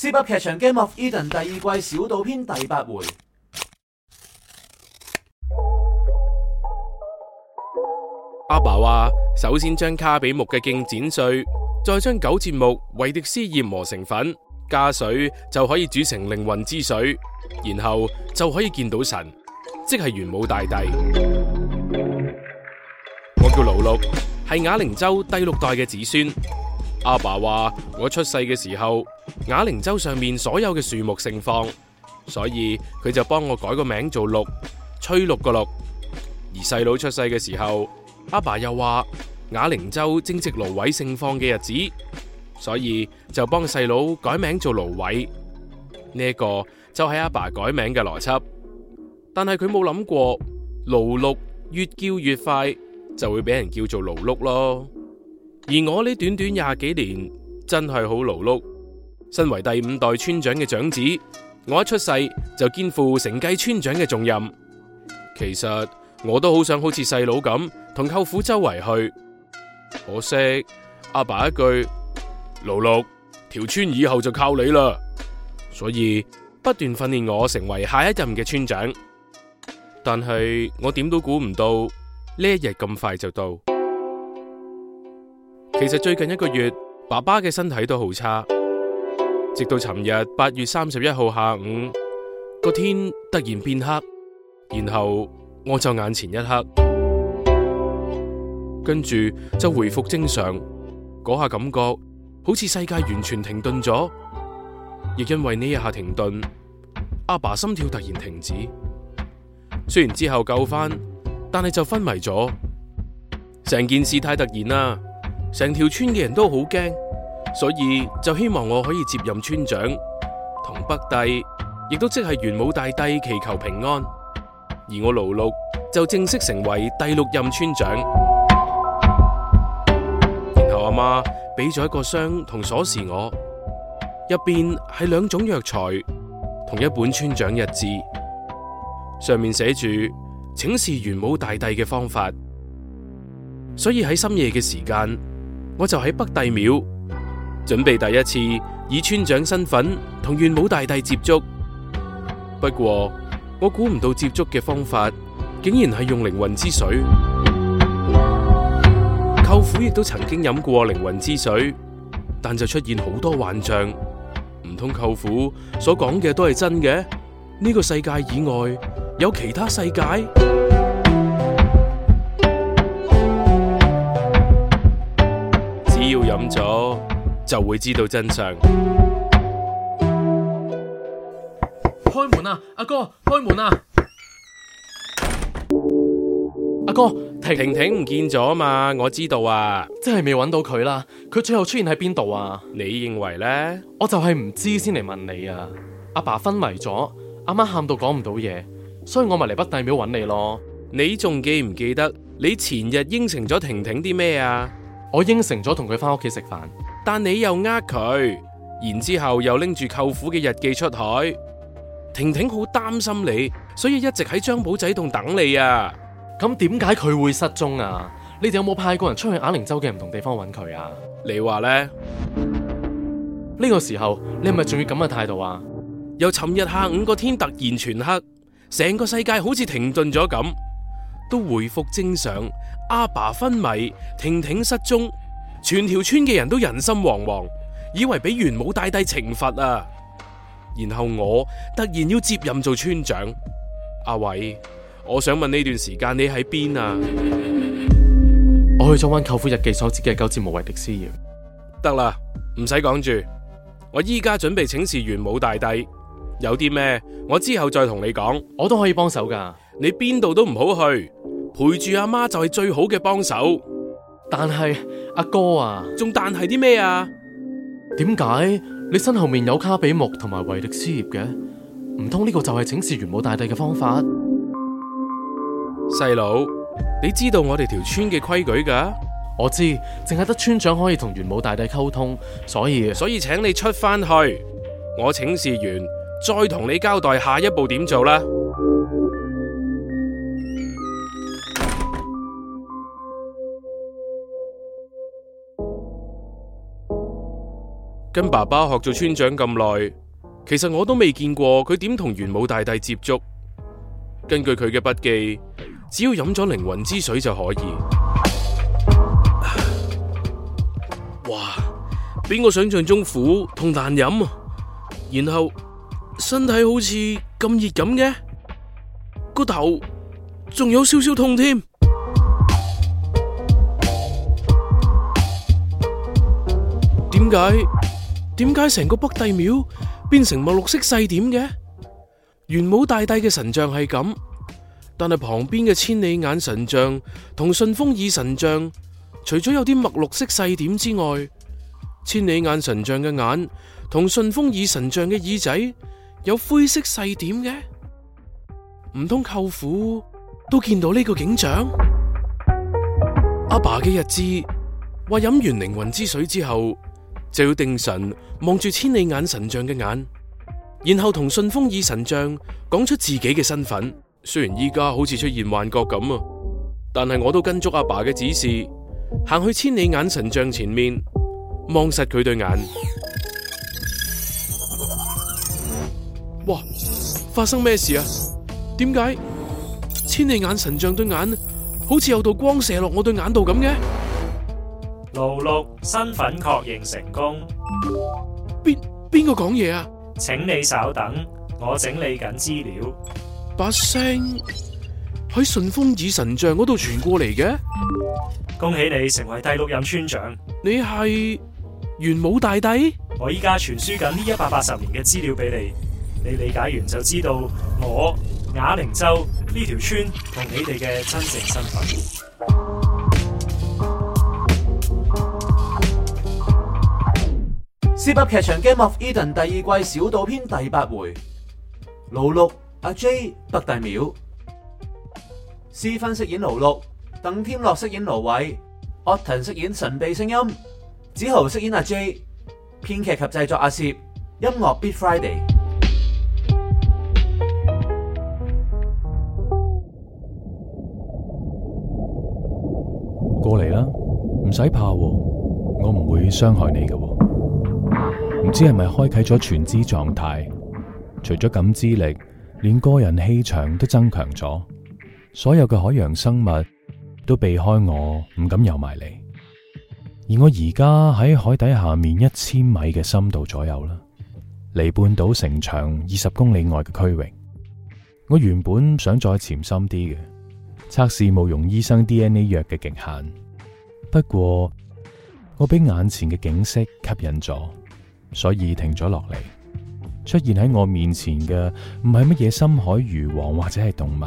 《Zip 噏劇場》《Game of Eden》第二季《小島篇》第八回。阿爸話：首先將卡比木嘅莖剪碎，再將九節木維迪斯葉磨成粉，加水就可以煮成靈魂之水，然後就可以見到神，即係玄武大帝。我叫盧綠，係啞鈴洲第六代嘅子孫。阿爸話我出世嘅時候，啞鈴洲上面所有嘅樹木盛放，所以佢就幫我改個名做綠，翠綠個綠。而細佬出世嘅時候，阿爸，爸又話啞鈴洲正值蘆葦盛放嘅日子，所以就幫細佬改名做盧葦。呢、這、一個就係阿爸，爸改名嘅邏輯，但係佢冇諗過，盧綠越叫越快，就會俾人叫做盧碌咯。而我呢短短廿幾年真係好盧碌。身為第五代村長嘅長子，我一出世就肩負承繼村長嘅重任。其實我都好想好似細佬咁同舅父周圍去，可惜阿爸一句盧綠，條村以後就靠你啦，所以不斷訓練我成為下一任嘅村長。但係我點都估唔到呢一日咁快就到。其實最近一個月，爸爸嘅身體都好差。直到尋日八月三十一號下午，個天突然變黑，然後我就眼前一黑，跟住就回復正常。嗰下感覺好似世界完全停頓咗，亦因為呢一下停頓，阿爸心跳突然停止。雖然之後救返，但係就昏迷咗。成件事太突然啦。成條村嘅人都好驚，所以就希望我可以接任村長同北帝，亦都即係玄武大帝祈求平安。而我盧綠就正式成為第六任村長。然後阿媽俾咗一個箱同鎖匙我，入面係兩種藥材同一本村長日誌，上面寫住請示玄武大帝嘅方法。所以喺深夜嘅時間，我就喺北帝廟，準備第一次以村長身份同玄武大帝接觸，不過我估唔到接觸嘅方法竟然係用靈魂之水。舅父亦都曾經飲過靈魂之水，但就出現好多幻象。唔通舅父所講嘅都係真嘅？呢個世界以外有其他世界？飲咗就會知道真相。開門啊，阿哥開門啊！阿哥，婷婷唔見咗啊嘛？我知道啊，真係未揾到佢啦。佢最後出現喺邊度啊？你認為呢？我就係唔知先嚟問你啊！阿爸昏迷咗，阿媽喊到講唔到嘢，所以我咪嚟北帝廟揾你咯。你仲記唔記得你前日應承咗婷婷啲咩啊？我應承咗同佢翻屋企食飯，但你又呃佢，然之後又拎住舅父嘅日記出海。婷婷好擔心你，所以一直喺張保仔洞等你啊。咁點解佢會失蹤啊？你哋有冇派過人出去啞鈴洲嘅唔同地方揾佢啊？你話呢？呢個時候你係咪仲要咁嘅態度啊？由尋日下午個天突然全黑，成個世界好似停頓咗咁。都回復正常，阿爸，爸昏迷，婷婷失蹤，全條村嘅人都人心惶惶，以為俾玄武大帝懲罰啊！然後我突然要接任做村長，阿葦，我想問呢段時間你喺邊啊？我去咗揾舅父日記所指嘅九節木維迪斯葉。得啦，唔使講住，我依家準備請示玄武大帝，有啲咩我之後再同你講，我都可以幫手㗎。你邊度都唔好去，陪住阿媽就係最好嘅幫手。但係阿哥啊，仲但係啲咩啊？點解你身後面有卡比木同埋維迪斯葉嘅？唔通呢個就係請示玄武大帝嘅方法？細佬，你知道我哋條村嘅規矩噶？我知，淨係得村長可以同玄武大帝溝通，所以所以請你出翻去，我請示完再同你交代下一步點做啦。跟爸爸學做村長咁耐，其實我都未見過佢點同玄武大帝接觸。根據佢嘅筆記，只要飲咗靈魂之水就可以。 哇！比我想象中苦，同難飲！然後身體好似咁熱咁嘅，個頭仲有少少痛添。點解？ 點解成個北帝廟變成墨綠色細點嘅？玄武大帝嘅神像係咁，但係旁邊嘅千里眼神像同順風耳神像，除咗有啲墨綠色細點之外，千里眼神像嘅眼同順風耳神像嘅耳仔有灰色細點嘅。唔通舅父都見到呢個景象？阿爸嘅日誌話飲完靈魂之水之後。就要定神望住千里眼神像嘅眼，然後同順風耳神像講出自己嘅身份。雖然依家好似出現幻覺咁啊，但係我都跟足阿爸嘅指示，行去千里眼神像前面，望實佢對眼。哇！發生咩事啊？點解千里眼神像對眼好似有道光射落我對眼度咁嘅？盧綠，身份確認成功。邊邊個講嘢啊？請你稍等，我整理緊資料。把聲喺順風耳神像嗰度傳過嚟嘅。恭喜你成為第六任村長。你係玄武大帝？我依家傳輸緊呢一百八十年嘅資料俾你，你理解完就知道我啞鈴洲呢條村同你哋嘅真正身份。Zip 噏劇場《Game of Eden》第二季《小島篇》第八回。盧綠阿 J 北帝廟。Cfun 飾演盧綠，鄧添樂飾演盧葦，Alton 飾演神秘聲音，梓豪飾演阿 J。編劇及製作阿攝，音樂 Beat Friday。過嚟啦，唔使怕喎，我唔會傷害你嘅喎。唔知係咪開啟咗全知狀態，除咗感知力，連個人氣場都增強咗。所有嘅海洋生物都避開我，唔敢游埋嚟。而我而家喺海底下面一千米嘅深度左右啦，離半島城牆二十公里外嘅區域。我原本想再潛深啲嘅測試慕容醫生 DNA 藥嘅極限，不過我俾眼前嘅景色吸引咗。所以停咗落嚟，出現喺我面前嘅唔係乜嘢深海魚王或者係動物，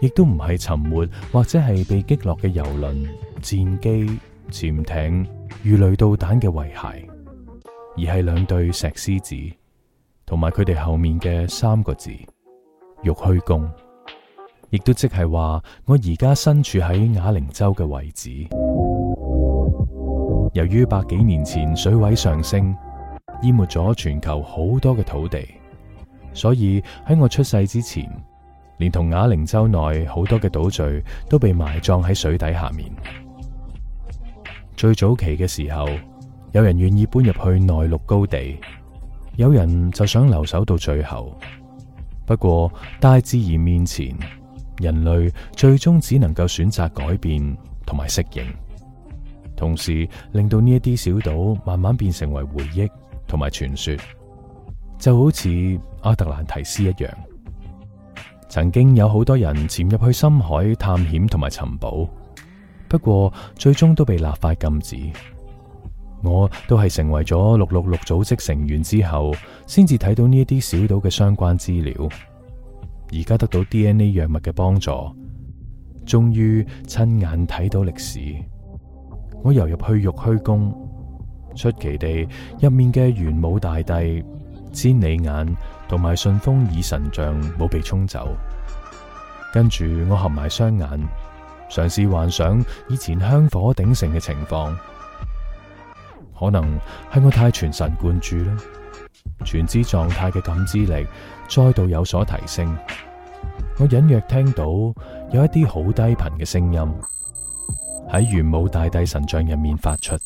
亦都唔係沉沒或者係被擊落嘅遊輪、戰機、潛艇、魚雷導彈嘅遺骸，而係兩對石獅子同埋佢哋後面嘅三個字玉虛宮，亦都即係話我而家身處喺啞鈴洲嘅位置。由於百幾年前水位上升，淹沒咗全球好多嘅土地，所以喺我出世之前，連同啞鈴洲內好多嘅島嶼都被埋葬喺水底下面。最早期嘅時候，有人願意搬入去內陸高地，有人就想留守到最後。不過大自然面前，人類最終只能夠選擇改變同埋適應，同時令到呢一啲小島慢慢變成為回憶。同埋傳說，就好似阿特蘭提斯一樣，曾經有好多人潛入去深海探險同埋尋寶，不過最終都被立法禁止。我都係成為咗六六六組織成員之後，先至睇到呢一啲小島嘅相關資料。而家得到 DNA 藥物嘅幫助，終於親眼睇到歷史。我游入去玉虛宮。出奇地，入面嘅玄武大帝、千里眼同埋順風耳神像冇被沖走。跟住我合埋雙眼，嘗試幻想以前香火鼎盛嘅情況。可能係我太全神貫注啦，全知狀態嘅感知力再度有所提升。我隱約聽到有一啲好低頻嘅聲音喺玄武大帝神像入面發出。